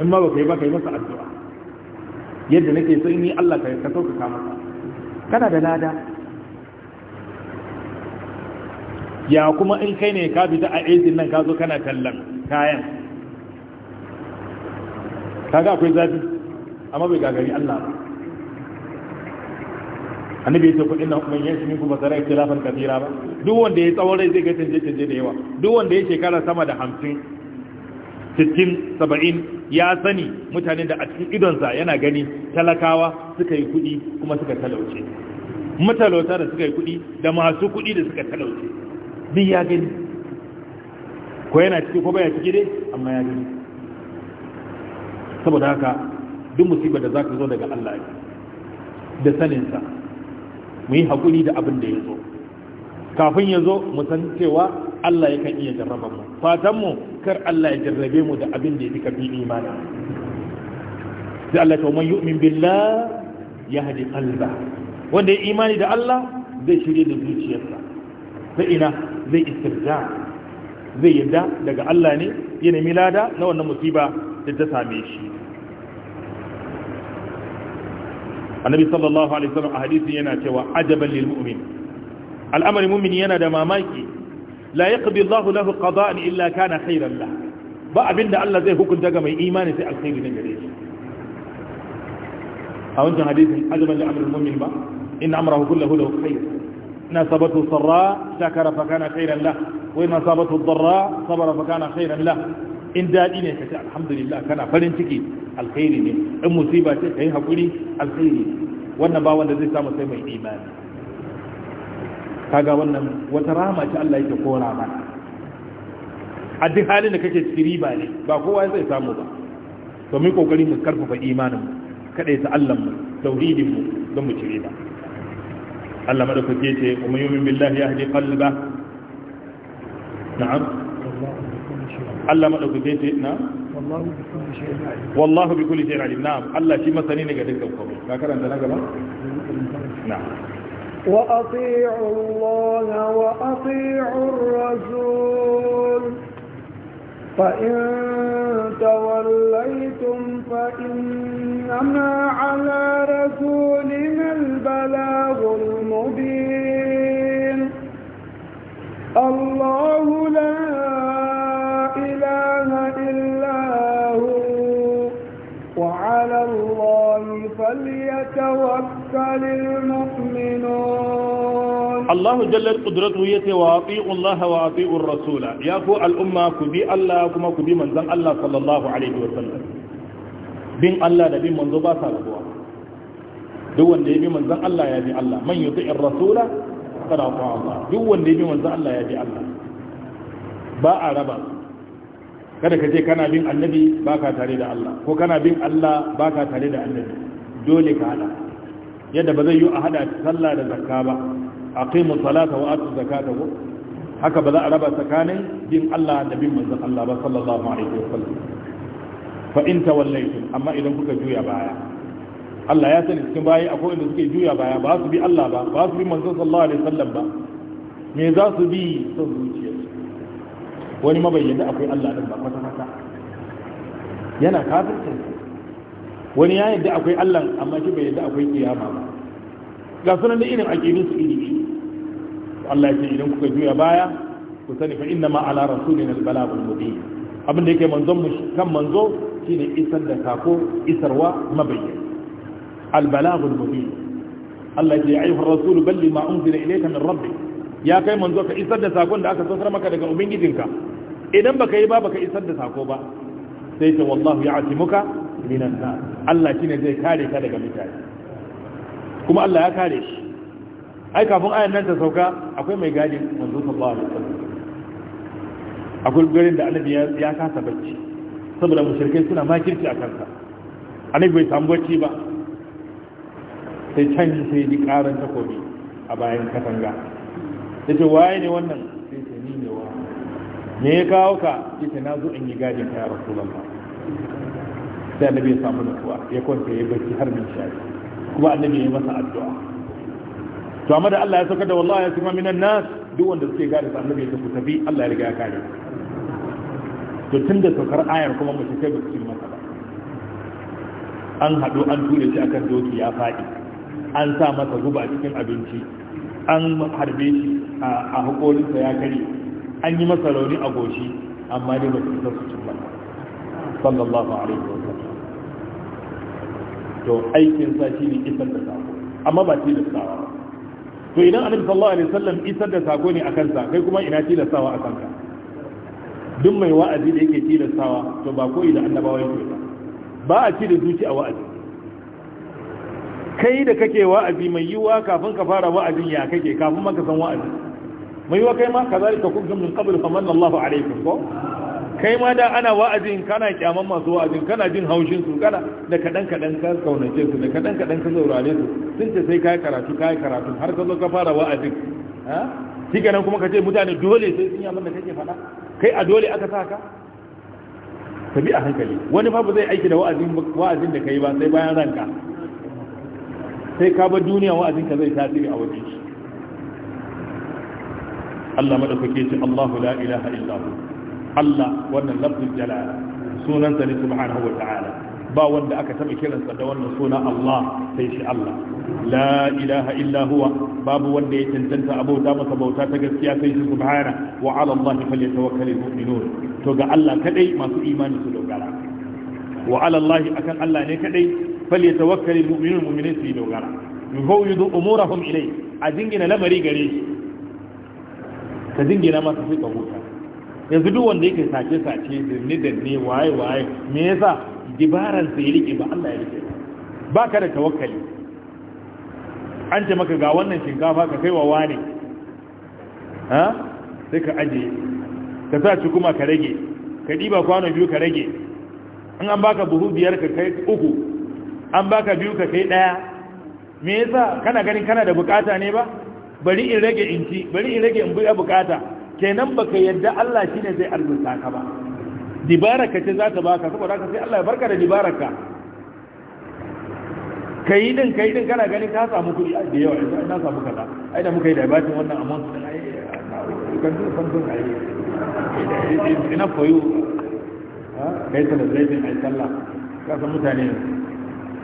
[SPEAKER 1] in ma ba ka yi ba ka yi masa addu'a yadda nake so in yi Allah ka ka sauka masa kana da lada ya kuma in kai ne ka fita a aikin nan ka zo kana tallan kayan kaga akwai zafi amma bai gagari Allah ba annabi ya ce kuɗin nan man yanshi minku ba sarai ikhtilafan kafira ba duk wanda ya tsawon rai zai ga canje canje da yawa duk wanda ya shekara sama da hamsin sittin saba'in ya sani mutane da a cikin sa yana gani talakawa suka yi kuɗi kuma suka talauce matalauta da suka yi kuɗi da masu kuɗi da suka talauce duk ya gani ko yana ciki ko baya ciki dai amma ya gani saboda haka duk musibar da za ka zo daga Allah da saninsa mu yi haƙuri da abin da ya zo kafin ya zo mu san cewa Allah yakan iya jarraba mu fatan mu kar Allah ya jarrabe mu da abin da ya fi kafi imani Da Allah ta man yu'min billah yahdi qalba wanda ya imani da Allah zai shirya da zuciyarsa sai ina zai istirja zai yadda daga Allah ne ya nemi lada na wannan musiba da ta same shi annabi sallallahu alaihi wasallam a hadisi yana cewa ajaban lil mu'min al'amarin mumin yana da mamaki la yaqdi Allahu lahu qada'an illa kana khairan lahu ba abinda Allah zai hukunta ga mai imani sai alkhairi ne gare shi a wannan hadisin ajaban li amrul mu'min ba in amrahu kullahu lahu khair na sabatu sarra shakara fa kana khairan lahu wa in sabatu dharra sabara fa kana khairan lahu in dadi ne kace alhamdulillah kana farin ciki alkhairi ne in musiba ce kai hakuri alkhairi wannan ba wanda zai samu sai mai imani kaga wannan wata rama ce Allah yake kora mana a duk halin da kake cikin riba ne ba kowa zai samu ba to mu kokari mu karfafa imanin mu kada ya Allah mu tauhidin mu don mu ci riba Allah madaukake ce kuma yumin billahi yahdi qalba na'am Allah madaukake ce na'am والله
[SPEAKER 2] بكل شيء عليم
[SPEAKER 1] والله بكل شيء عليم نعم الله شيء مثلي نيغا دك القبر ما عندنا قبل نعم
[SPEAKER 2] واطيع الله واطيع الرسول فإن توليتم فإنما على رسولنا البلاغ المبين الله لا إله إلا فليتوكل المؤمنون الله
[SPEAKER 1] جل قدرته يتي الله واطيعوا الرسول يا كو كبي الله كما كبي منزل الله صلى الله عليه وسلم بين الله ده بين منزل باسا ربوا duk wanda ya bi manzan Allah ya bi Allah man yuti rasula kada ku Allah duk wanda ya bi manzan Allah ya bi Allah a kada ka ce kana bin annabi ba ka tare da Allah ko kana bin Allah ba ka tare da annabi dole ka hada yadda ba zai yi a hada sallah da zakka ba a aqimu salata wa atu zakata ko haka ba za a raba tsakanin bin Allah da bin manzon Allah ba sallallahu alaihi wasallam fa in tawallaytum amma idan kuka juya baya Allah ya sani cikin bayi akwai inda suke juya baya ba su bi Allah ba ba su bi manzon sallallahu alaihi wasallam ba me za su bi son zuciya? wani mabayyana akwai Allah din ba kwata kwata yana kafircin wani ya yadda akwai allah amma shi bai yadda akwai kiyama ba ga sunan da irin aƙidun su iri iri Allah ya ce idan kuka juya baya ku sani fa inna ma ala rasulina al-balagul mubin abin da yake manzon mu kan manzo shine isar da sako isarwa mabayyin al-balagul mubin Allah ya ce ayyuhar rasul balli ma unzila ilayka min rabbik ya kai manzo ka isar da sakon da aka sanar maka daga ubangijinka idan baka yi ba baka isar da sako ba sai ta wallahu ya'timuka minan na Allah shi ne zai kare ka daga mutane kuma Allah ya kare shi ai kafin ayan nan ta sauka akwai mai gadi manzo sallallahu alaihi wasallam akwai garin da annabi ya kasa bacci saboda mushrikai suna makirci a kansa annabi bai samu bacci ba sai can sai ji karan takobi a bayan katanga yace waye ne wannan sai sai ni ne wa me ya kawo ka yace na zo in yi gadin ka ya rasulullah Sai annabi ya samu nutsuwa ya kwanta ya barci har min shafi kuma annabi ya masa addu'a to amma da Allah ya saka da wallahi ya sima minan nas duk wanda suke gane sa annabi ya tafi tafi Allah ya riga ya kare to tunda saukar ayar kuma mu kai ba cikin masa ba an hadu an tura shi akan doki ya fadi an sa masa guba cikin abinci an harbe shi a sa ya kare an yi masa rauni a goshi amma dai ba su isa su cin ba sallallahu alaihi wa to aikin sa shine isar da sako amma ba ba to idan annabi sallallahu alaihi wasallam isar da sako ne akan sa kai kuma ina sawa akan ka duk mai wa'azi da yake sawa to ba koyi da annabawa yake ba ba a ci da zuci a wa'azi kai da kake wa'azi mai yiwa kafin ka fara wa'azin ya kake kafin maka san wa'azi mai yiwa kai ma kazalika kun gumin qabl famanna Allahu alaikum ko kai ma da ana wa'azin kana kyaman masu wa'azin kana jin haushin su kana da kadan kadan ka kaunace su da kadan kadan ka zaurare su sun ce sai kai karatu kai karatu har ka zo ka fara wa'azin ha shi kenan kuma ka ce mutane dole sai sun yi abin da kake faɗa kai a dole aka sa ka ka bi a hankali wani fa ba zai aiki da wa'azin da da kai ba sai bayan ranka sai ka bar duniya wa'azin ka zai tasiri a wajen shi Allah madaukake shi Allahu la ilaha illa Allah wannan lafzul jalala sunansa ne subhanahu wa ta'ala ba wanda aka taɓa kiransa da wannan suna Allah sai shi Allah la ilaha illa huwa babu wanda ya cancanta abauta masa bauta ta gaskiya sai shi subhana wa ala Allah falyatawakkalul mu'minun to ga Allah kadai masu imani su dogara wa ala Allah akan Allah ne kadai falyatawakkalul mu'minun mu'minin su dogara yufawidu umurahum ilay a dingina lamari gare shi ka dingina masa sai ka huta yanzu duk wanda yake sace sace da danne waye waye me yasa dibaran sa ya rike ba Allah ya rike ba ka da tawakkali an ce maka ga wannan shinkafa ka kai wa wane ha sai ka aje ka sa ci kuma ka rage ka diba kwano biyu ka rage an an baka buhu biyar ka kai uku an baka biyu ka kai daya me yasa kana ganin kana da bukata ne ba bari in rage in ci bari in rage in buya bukata kenan baka yadda Allah shine zai arzuta ka ba dibaraka ce za ta baka saboda ka sai Allah ya barka da dibaraka kai din kai din kana ganin ka samu kuɗi a da yawa yanzu na samu kaza ai da muka yi da batin wannan amon su ai kan duk kan duk ai ina koyo kai ta da zai ai sallah ka san mutane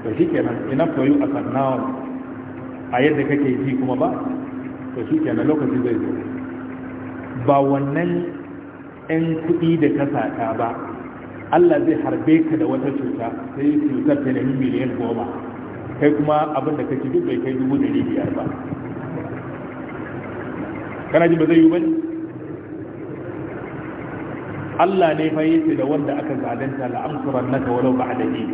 [SPEAKER 1] to shikenan ina koyo a sannawa a yadda kake yi kuma ba to shikenan lokacin zai zo ba wannan 'yan kuɗi da ka saka ba Allah zai harbe ka da wata cuta sai cutar ta nemi miliyan goma kai kuma abin da kake duk bai kai dubu ɗari biyar ba kana ji ba zai yi ba Allah ne fa yace da wanda aka zalunta la amsuran naka walau ba'da ni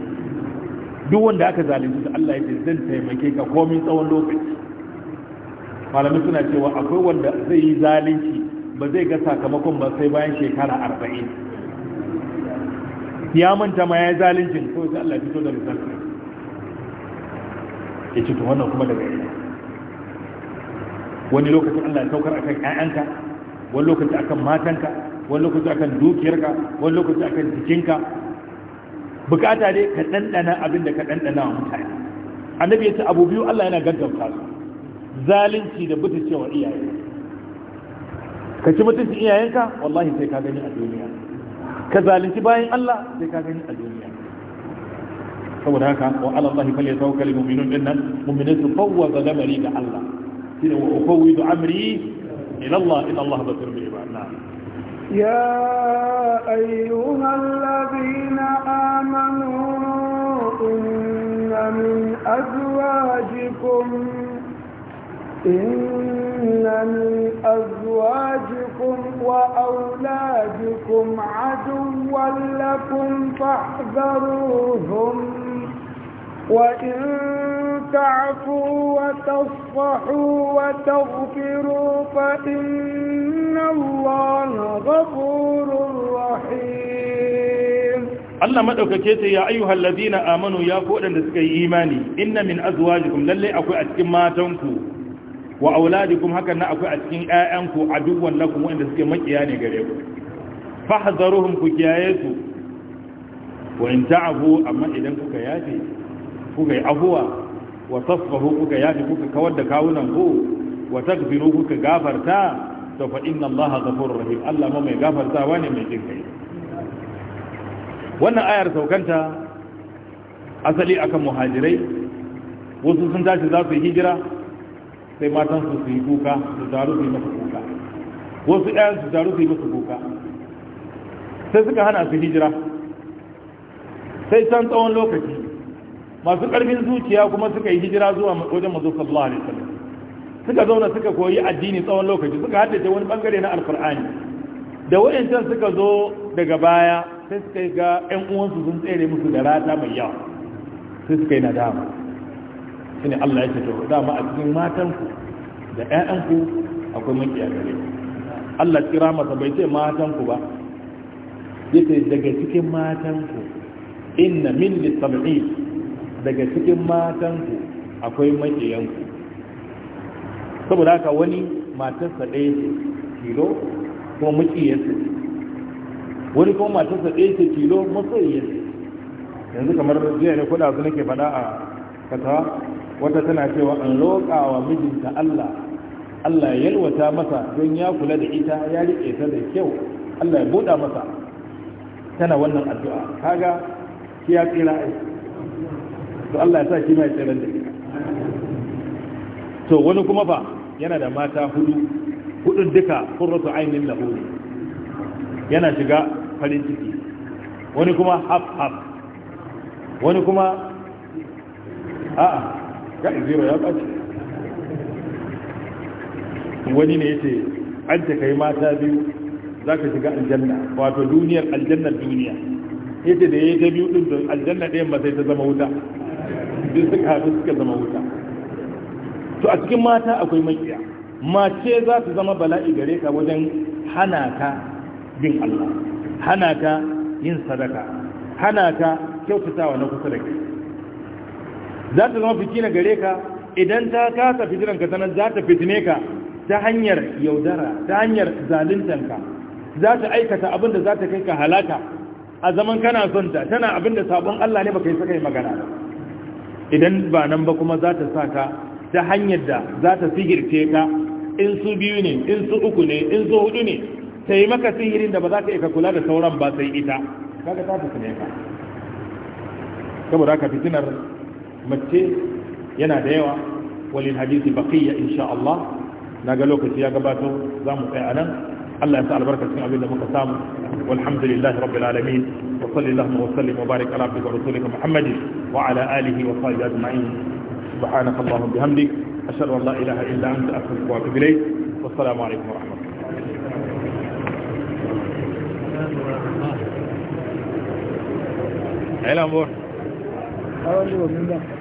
[SPEAKER 1] duk wanda aka zalunta Allah yace zan taimake ka komai tsawon lokaci malamai suna cewa akwai wanda zai yi zalunci ba zai ga sakamakon ba sai bayan shekara arba'in ya manta ma ya yi zalincin ko sai Allah fito da misalci ya ce to wannan kuma daga ina wani lokacin Allah ya saukar akan ƴaƴanka wani lokacin akan matanka wani lokaci akan dukiyarka wani lokaci akan jikinka bukata dai ka ɗanɗana abin da ka ɗanɗana wa mutane annabi ya ce abu biyu Allah yana gaggauta su zalunci da cewa iyaye ka ci mutunci iyayenka wallahi sai ka gani a duniya ka zalunci bayan Allah sai ka gani a duniya saboda haka wa ala Allah fal yatawakkal mu'minun dinnan mu'minun su fawwaza lamari ga Allah shine wa ufawwidu amri ila Allah inna Allah
[SPEAKER 2] basir bil ibad يا أيها الذين آمنوا إن من أزواجكم إن من أزواجكم وأولادكم عدوا لكم فاحذروهم وإن تعفوا وتصفحوا وتغفروا فإن الله غفور رحيم
[SPEAKER 1] Allah madaukake ce ya ayyuhal ladina amanu ya ku wadanda suka yi imani inna min azwajikum lalle akwai a cikin matanku wa auladikum hakan na akwai a cikin ƴaƴanku aduwwan lakum wanda suke makiya ne gare ku fahzaruhum ku kiyaye su wa in ta'afu amma idan kuka yafe kuka yi afuwa wa tasfahu kuka yafe kuka kawar da kawunan ku wa takbiru kuka gafarta to fa inna allaha ghafurur rahim Allah ma mai gafartawa ne mai jin kai wannan ayar saukanta asali akan muhajirai wasu sun tashi za su hijira sai matan su su yi kuka su taru su yi masa kuka wasu ɗayan su taru su yi masa kuka sai suka hana su hijira sai can tsawon lokaci masu ƙarfin zuciya kuma suka yi hijira zuwa wajen mazo sallallahu alaihi wasallam suka zauna suka koyi addini tsawon lokaci suka haddace wani bangare na alkur'ani da wayancan suka zo daga baya sai suka ga ƴan uwansu sun tsere musu da rata mai yawa sai suka yi nadama shine Allah yake to dama a cikin matanku da 'ya'yanku akwai makiya gare Allah kira masa bai ce matanku ba yace daga cikin matanku inna min lisab'i daga cikin matanku akwai makiyanku saboda haka wani matarsa ɗaya ce tilo ko makiyarsa wani kuma matarsa ɗaya ce tilo masoyiyarsa yanzu kamar jiya ne kuɗa su nake faɗa a kasa wata tana cewa an roƙa wa mijinta Allah Allah ya yalwata masa don ya kula da ita ya riƙe ta da kyau Allah ya buɗa masa tana wannan addu'a kaga shi ya tsira ai to Allah ya sa shi mai tsira da ita to wani kuma ba yana da mata hudu hudun duka qurratu ainin lahu yana shiga farin ciki wani kuma haf haf wani kuma a'a ga zero ya ɓace wani ne ya ce an ta kai mata biyu za ka shiga aljanna wato duniyar aljannar duniya ya ce da ya yi ta biyu ɗin don aljanna ɗayan ba sai ta zama wuta duk suka haɗu suka zama wuta to a cikin mata akwai makiya mace za su zama bala'i gare ka wajen hana ka bin Allah hana ka yin sadaka hana ka kyautatawa na kusa da kai za ta zama fitina gare ka idan ta kasa fitinan ka sanar za ta fitine ka ta hanyar yaudara ta hanyar zalintanka za ta aikata abin da za ta kai ka halaka a zaman kana son ta tana abin da sabon Allah ne baka yi saka yi magana idan ba nan ba kuma za ta sa ka ta hanyar da za ta sigirce ka in su biyu ne in su uku ne in su hudu ne ta yi maka sihirin da ba za ka ika kula da sauran ba sai ita kaga ta fi ka saboda ka fitinar mace yana da yawa walil hadisi baqiya insha Allah naga lokaci ya gabato zamu kai anan Allah ya sa albarka cikin abin da muka samu walhamdulillahi rabbil alamin wa sallallahu wa sallim wa barik ala abdika wa rasulika muhammadin wa ala alihi wa sahbihi ajma'in subhanaka allahumma bihamdik ashhadu an la ilaha illa anta astaghfiruka wa atubu ilayk wa assalamu alaikum wa rahmatullahi Hello, boy.
[SPEAKER 3] 好的，个明白。